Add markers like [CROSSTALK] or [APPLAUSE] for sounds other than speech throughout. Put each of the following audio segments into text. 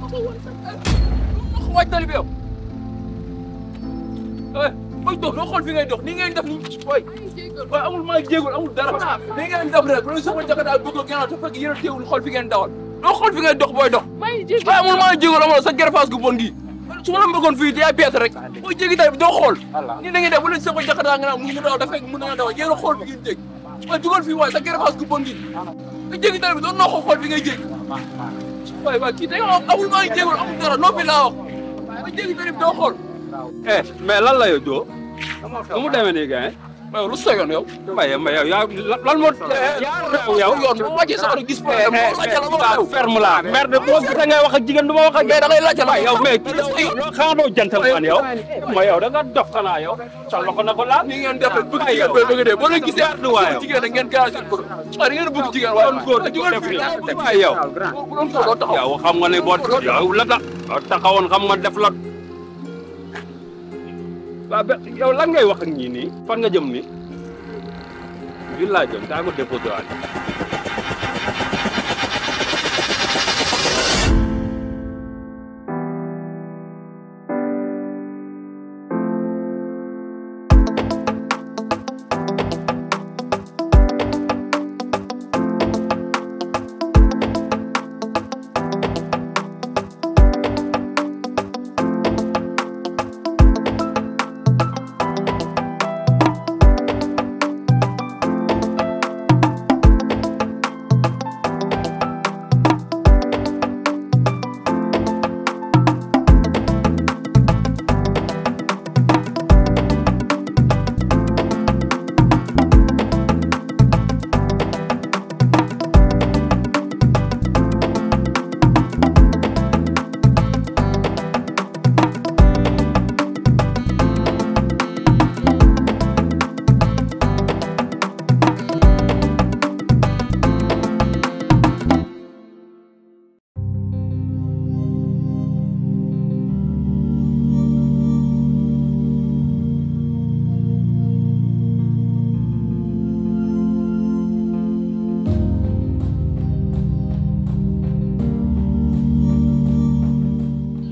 ma ko woon sax ma ko waaj tali bi yow mooy eh, dox doo xool fi ngay dox ni ngay def ni waay waaye amul maa jéegul amul dara ni ngeen def rek loolu sama jaka daal bëgg gannaaw te fekk yéen a teewul xool fi ngeen dawal doo xool fi ngay dox booy dox waaye amul maa jéegul amul sa gerfaas gu bon gi su ma la mbëggoon fii yaa bees rek booy jéegi tali bi doo xool ni da ngeen def bu leen sama jaka daal nga naan mu daw dafa fekk mën na daw yéen a xool fi ngeen jéeg waaye dugal fii waaye sa gerfaas gu bon gi nga jéegi tali bi doon noo xool fi ngay jéeg waay kii da nga amul maa ngi jéegul amul dara noppi laa wax ma jéegi doo xool. eh mais lan la yow doo. nu mu demee nii gars waaw rus sa yoon yow. waaye ma yow yaa lan moo. yow yow yoon bu wàccee sa oto gis. mais mais mais ferme la. mère de boo gisee ngay wax ak jigéen du ma wax ak. mais da ngay laajte la yow mais. xanaa jantal man yow. ma yow da nga dof xanaa yow. sa loxo na ko laal. ni ngeen def bëgg jigéen booy bëgg dee boo leen gisee. waaw jigéen da ngeen gaz seen borom. waaw da ngeen bëgg jigéen waaye. kon góor def li waaye yow. yow xam nga ne boo. yow la taxawoon xam nga def la. waaw ba yow lan ngay wax ak ñii nii fan nga jëm nii ville laa jëm daa ko déposé waat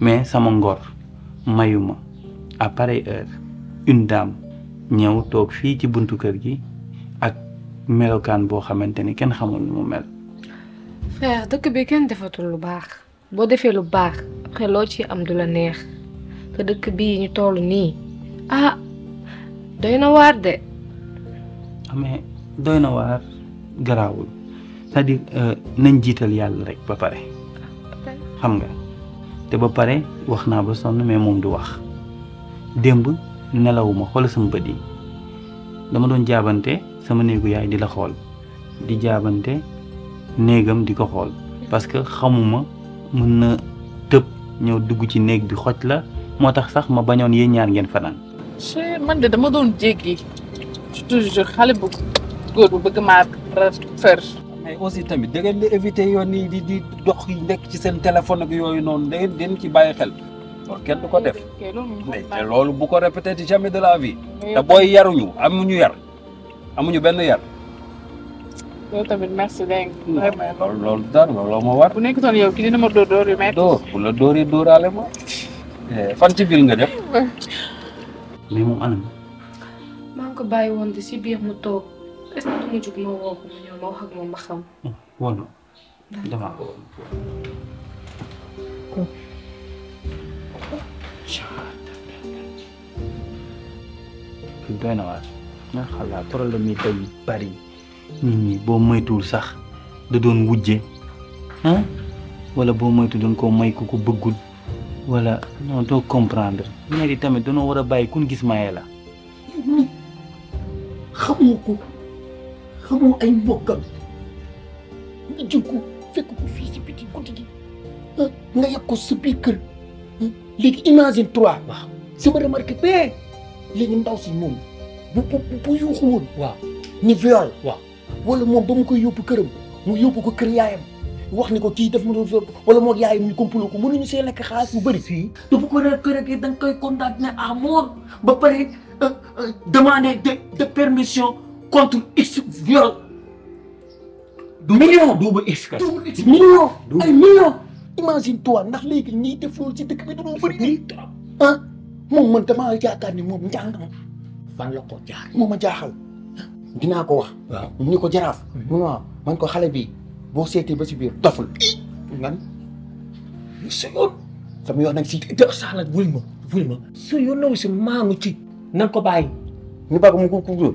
mais sama ngor mayuma à pareille heure une dame ñëw toog fii ci buntu kër gi ak melokaan boo xamante ni kenn xamul nu mu mel. frère dëkk bi kenn defatul lu baax boo defee lu baax xeloo ci am du la neex te dëkk bi ñu toll nii ah doy na waar de. Ah, mais doy na waar garaawul cest à euh, nañ jiital yàlla rek ba pare xam nga. te ba pare waxna ba sonn mais mom du wax demb nelawuma xol sam bët yi dama don jabanté sama neegu yaay di la xol di jabanté neegam di ko xool parce que xamuma mën tepp ñew ñëw dugg ci neeg bi xoj la motax sax ma bañon ye ñaar ngeen fanaan. ci man de dama don jéggi toujours xalé bu goor bu bëgg ma fer. mais aussi tamit da ngeen di éviter yoon yi di di dox yi nekk ci seen téléphone ak yooyu noonu da ngeen ci bàyyi xel loolu kenn ko def mais te bu ko répété jamais de la vie te booy yaruñu amuñu yar amuñu benn yar. loolu tamit merci dégg nga. loolu loolu dara looloo ma war. bu nekkutoon yow ki dina ma dóor dóor yu métti. dóor bu la dóor yi dóoraale ma. Eh, fan ci biir nga def. [LAUGHS] mais moom anam. maa ko bàyyi woon si biir mu toog. est na damaa ko wóor. problème yi day bari nit ñi boo moytuwul sax da doon wujje ah wala boo moytu doon koo may ko bëggul wala non doo comprendre ñaari tamit danoo war a bàyyi kun gis maye la xamoo hm. xamoo ay mbokkam nga jël ko fekk ko fii si biti guddi ah, nga yàq ko sa biir kër hmm? léegi imagine trois waaw sama remarque bee léegi ndaw si moom bu bu bu yuuxu woon waaw ni viol waaw wala moom ba mu koy yóbbu këram mu yóbbu ko kër yaayam wax ni ko kii daf ma doon viol wala moog yaayam ñu komplo ko mënuñu see lekk xaalis bu bëri fii te bu ko rek rek da nga koy condamné à mort ba pare euh, euh, demander de permission contre x viol. du million double x. double x million. ay million. imagine toi ndax léegi ñiy def loolu ci dëkk bi dañoo bëri nii. ah moom man damaa yaakaar ni moom njàngam. fan la ko jaar moom a jaaxal. dinaa ko wax. waaw ko jaraaf. Mm-hmm. mu waaw man ko xale bi boo seetee ba si biir doful. man sa yoon. sama yoon nag si. te na si maamu ci. na ko bàyyi. ñu ba ko mu ko ku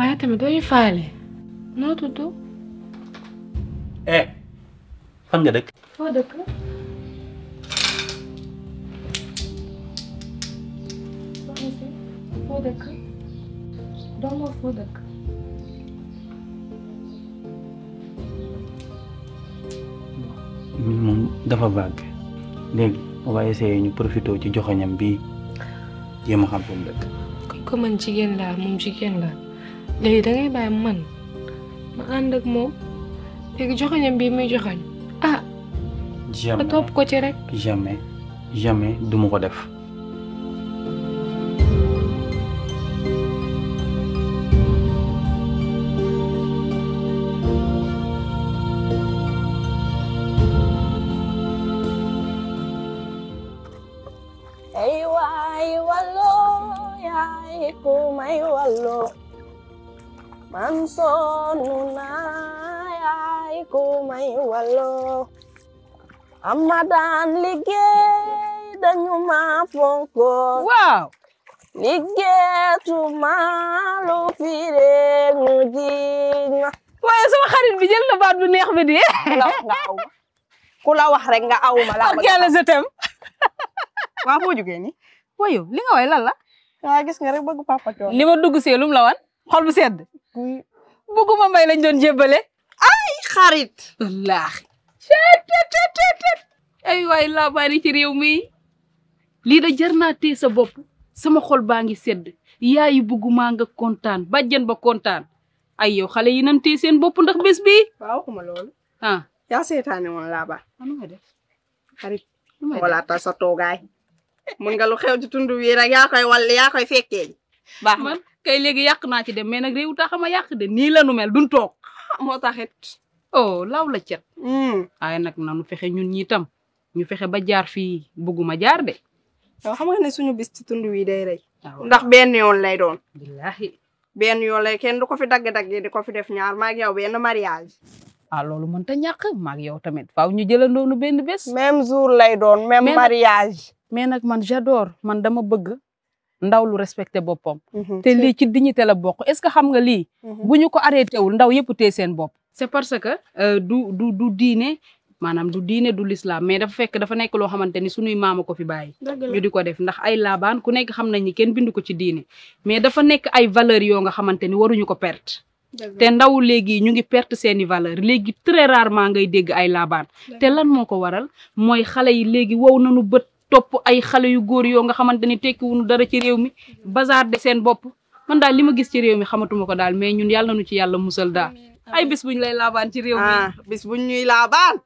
waaye tamit doo ñu faale noo tudd. eh fan nga dëkk. foo dëkk. foo dëkk. doo ma foo dëkk. moom dafa vague léegi on va ñu profité ci joxoñam bi jéem a xam fu mu dëkk. ko man jigéen laa moom jigéen laa. léegi da ngay man ma ànd ak moom léegi joxañam bii muy joxañ ah. jamais topp ko ci rek. jamais jamais du ma ko def. ansonuna ay ko may walo amadan daan liggéey dañu ma fonko waaw liggéetu ma lu fire rek ñu jiñ ma sama xarit bi jël na baat bu neex bi di kula wax rek nga awuma la ak yalla je t'aime waa foo ni wayo li nga way lan la nga gis nga rek bëgg papa ko lima dugg see lum la wan xol bu sedd oui ma may lañ doon jébalé ay xarit chat ay way la bari ci rew mi li da jar té sa bop sama xol baa ngi sedd yaayu ma nga ba bàjjen ba contane ay yow xalé yi nan seen bop ndax bés bi waaw xuma loolu ah ya seetaane woon laa anu nga def xarit wala ta sa togaay mën nga lu xew ci tundu wi rek ya koy wal ya koy fekkee ba man kay léegi yàq naa ci dem mais nag réew taxama yàq de nii la nu mel duñ toog. [LAUGHS] moo taxit. oh law la cet. Hmm. waaye nag nanu fexe ñun ñi ñu fexe ba jaar fii bëgguma jaar de. waaw xam nga ne suñu bis ci tund wi day ah, ndax benn yoon lay doon. billahi benn yoon lay kenn du ko fi dagg-dagg di ko fi def ñaar maa ngi yow mariage. ah loolu mënta ñàkk maa ngi yow tamit faw ñu jëlandoonu benn bes même jour lay doon même mariage. mais nag man j'adore man dama bëgg ndaw lu respecté boppam. Mhm, te lii ci dignité la bokk est-ce que xam nga lii. Mhm. bu ñu ko arrêté wul ndaw yëpp te seen bopp. c'est parce que euh, du du du diine maanaam du diine du l'islam mais dafa fekk dafa nekk loo xamante ni suñuy maama ko fi bàyyi. ñu di ko def ndax ay laabaan ku nekk xam nañ ni kenn bindu ko ci diine. mais dafa nekk ay valeurs yoo nga xamante ni waruñu ko perte. te ndaw léegi ñu ngi perte seeni valeur léegi très rarement ngay dégg ay laabaan. te lan moo ko waral mooy xale yi léegi wow nañu bët. topp ay xale yu góor yoo nga xamante ni tekkiwunu dara ci réew mi bazar de seen bopp man daal li ma gis ci réew mi xamatuma ko daal mais ñun yàlla nu ci yàlla musal daal ay bis buñ lay laabaan ci réew mi ah bis buñ ñuy laabaan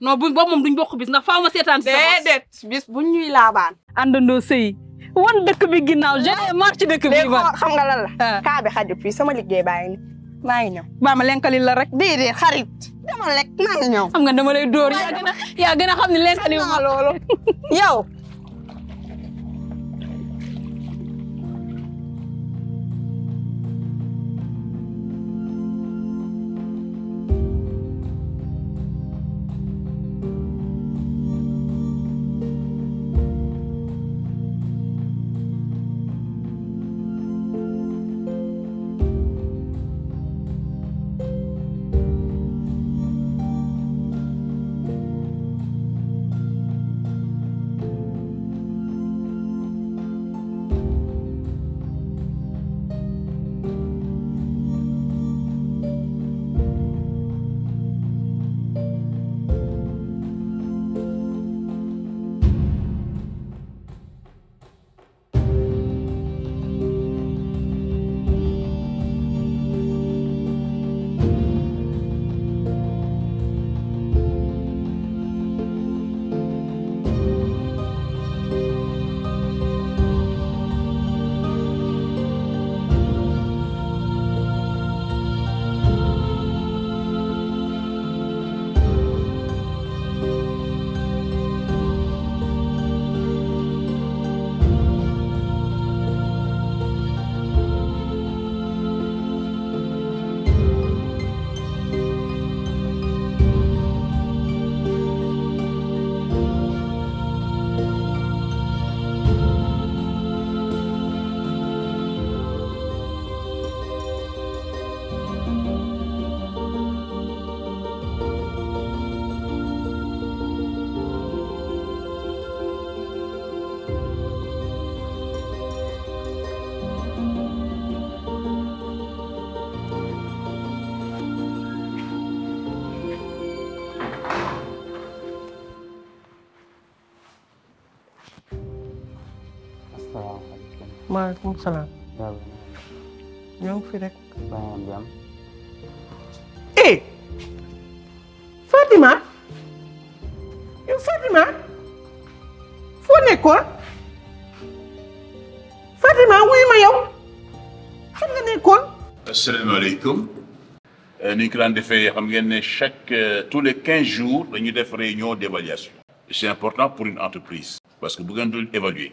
non bu boobu moom duñ bokk bis ndax faaw ma seetaan si déedéet bis buñ ñuy laabaan àndandoo sëy wan dëkk bi ginnaaw je marche dëkk bi xam nga lan la ah. kaa bi xaju fii sama liggéey bàyyi ni maa ngi ñëw baa ma lenkalil la rek déedéet xarit dama lekk maa ngi ñëw xam nga dama lay dóor yaa gën a yaa gën a xam ne lenkalil ma loolu yow maaleykum salaam. ñoo fi rek. eh Fatima yow Fatima foo nekkoon Fatima wuyu ma yow fan nga nekkoon. asalaamaaleykum. Euh, ni ñu ko daan defee xam chaque euh, tous les 15 jours nous def réunion d'évaluation. C'est important pour une entreprise. parce que bu ngeen évaluer.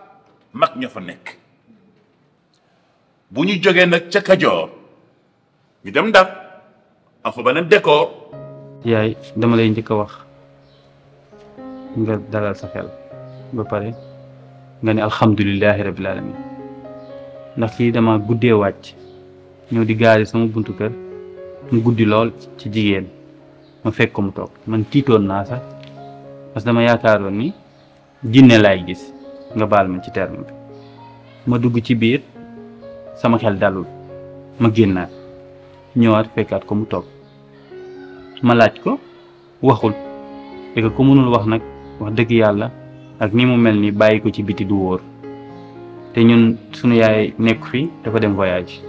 mag ñoo fa nekk bu ñu jógee nag ca Kajoor ñu dem Ndar am fa beneen décor yaay dama lay njëkk a wax nga dalal sa xel ba pare nga ne alhamdulilahi rabil alamin ndax kii dama guddee wàcc ñëw di gaari sama buntu kër mu guddi lool ci jigéen ma fekk ko mu toog man tiitoon naa sax parce que dama yaakaaroon ni jinne laay gis nga baal ma ci terme bi ma dugg ci biir sama xel dalul ma génnaat ñëwaat fekkaat ko mu toog ma laaj ko waxul te ko mënul wax nag wax dëgg yàlla ak ni mu mel ni bàyyi ko ci biti du wóor te ñun sunu yaay nekk fi dafa dem voyage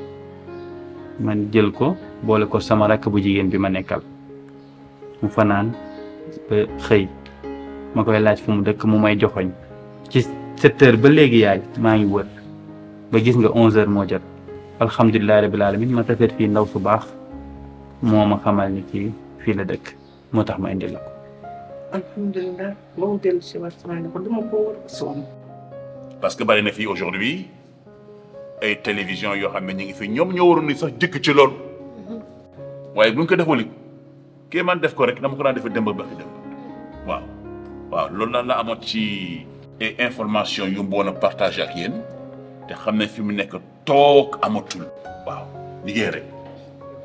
man jël ko boole ko sama rakk bu jigéen bi ma nekkal mu fanaan xëy ma koy laaj fu mu dëkk mu may joxoñ ci 7 heures ba léegi yaay maa ngi wër ba gis nga 11 heures moo jot alhamdulilah rabil alamin ma tafet fii ndaw su baax moo ma xamal ni kii fii la dëkk moo tax ma indi la ko. alhamdulilah boo dellu si waat sama ne ko dama ko war a sonn. parce que bari na fii aujourd'hui ay télévision yoo xam ne ñu ngi fi ñoom ñoo waroon ni sax jëkk ci loolu waaye bu ñu ko deful it kii man def ko rek dama ko daan defee démb ba ki démb waaw waaw loolu naan la amoon ci. ay information yu mboon a partager ak yéen te xam ne fi mu nekk toog amatul. waaw liggéey rek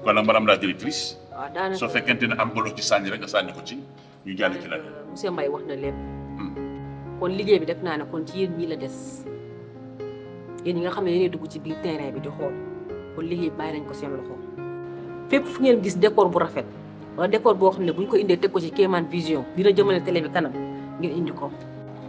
wala madame la directrice. so ah, daanaka na fekkente am bolo ci sanni rek nga sànni ko ci ñu jàll ci la. Euh, monsieur Mbaye wax na lépp. Hmm. kon liggéey bi def na na kon ci yéen ñii la dess yéen ñi nga xam ne yéenay dugg ci bi terrain bi di xol kon liggéey bay bàyyi nañ ko seen loxo. fépp fu ngeen gis décor bu rafet wala décor bo xam buñ ko indee teg ko ci Kéemaan Vision dina jëmale télé bi kanam ngeen indi ko.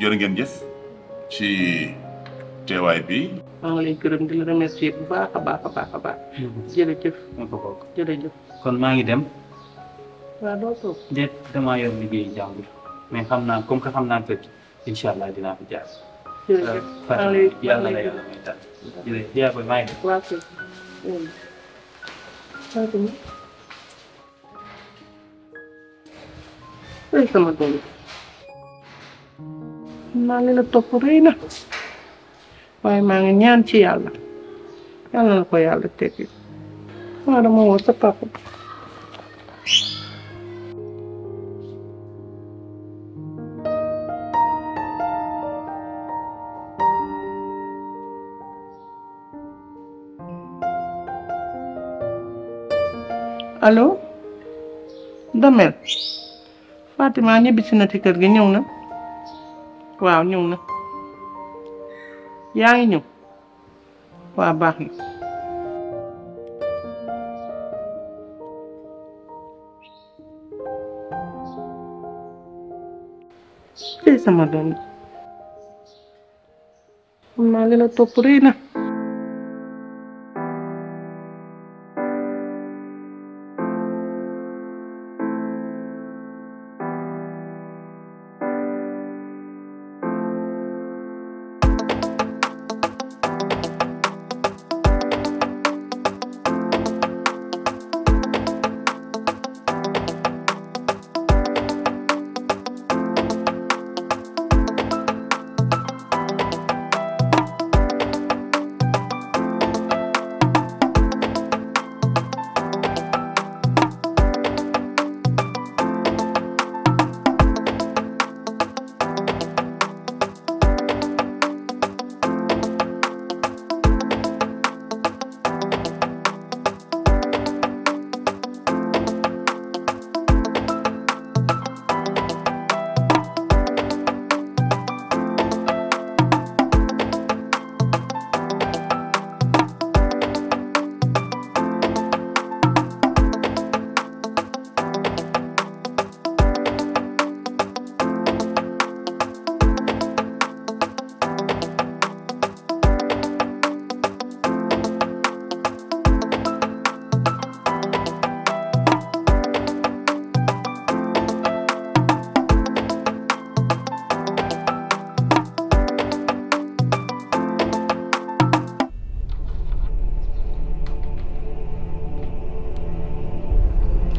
jërë ngeen jëf ci teewaay bi. maa ngi lay gërëm di la remercier bu baax a baax a baax a baax. Mm-hmm. jërëjëf. jërëjëf. kon maa ngi dem. waaw doo toog. déet damaa yor liggéeyu jàmbur mais xam naa comme que xam naa kër incha allah dinaa fi jaar. jërëjëf euh, maa ngi lay yàlla la yàlla may taal. jërëjëf yaa koy maa ngi dem. waaw kay. waaw kay. sama doom. maa ngi la topp rëy na waaye ah. maa ngi ñaan ci yàlla yàlla na ko yàlla teggi waaw dama woo sa papa allo Damel Fatima ñibbisi na ci kër gi ñëw na waaw ñëw na yaa ngi ñëw na sama doom Malah lo naa li na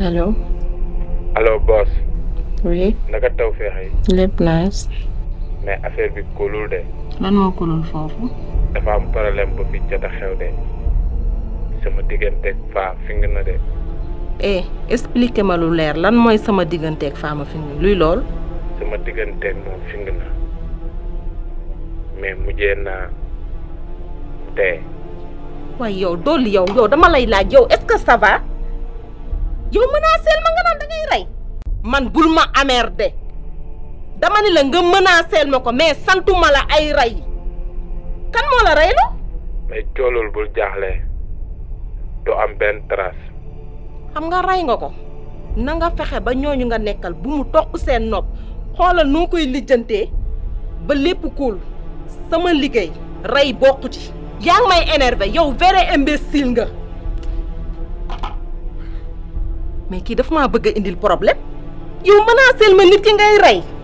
allo. allo boss. oui. naka taw feexe yi. lépp mais affaire bi kulul de. lan moo kulul foofu. dafa am problème bu fi jot a xew de sama digganteeg faa fing na de. eh expliqué ma lu leer lan mooy sama digganteeg faa ma fing luy lool. sama digganteeg moom fing na mais mujjee naa tey. waaye yow dool yow yow dama lay laaj yow est-ce yow menacer ma nga nan da ngay man bul ma amer de dama ni la nga menacer mako mais santuma la ay ray kan mola la lo mais tolol bul jaxlé do am ben trace xam nga ray nga ko na nga fexé ba ñooñu nga nekkal bu mu tok sen nop xoolal nu koy lijjantee ba lepp cool sama liggey ray bokku ci may énervé yow vrai imbécile nga mais kii dafa ma bëgg a indil problème yow menacé ma nit ki ngay rey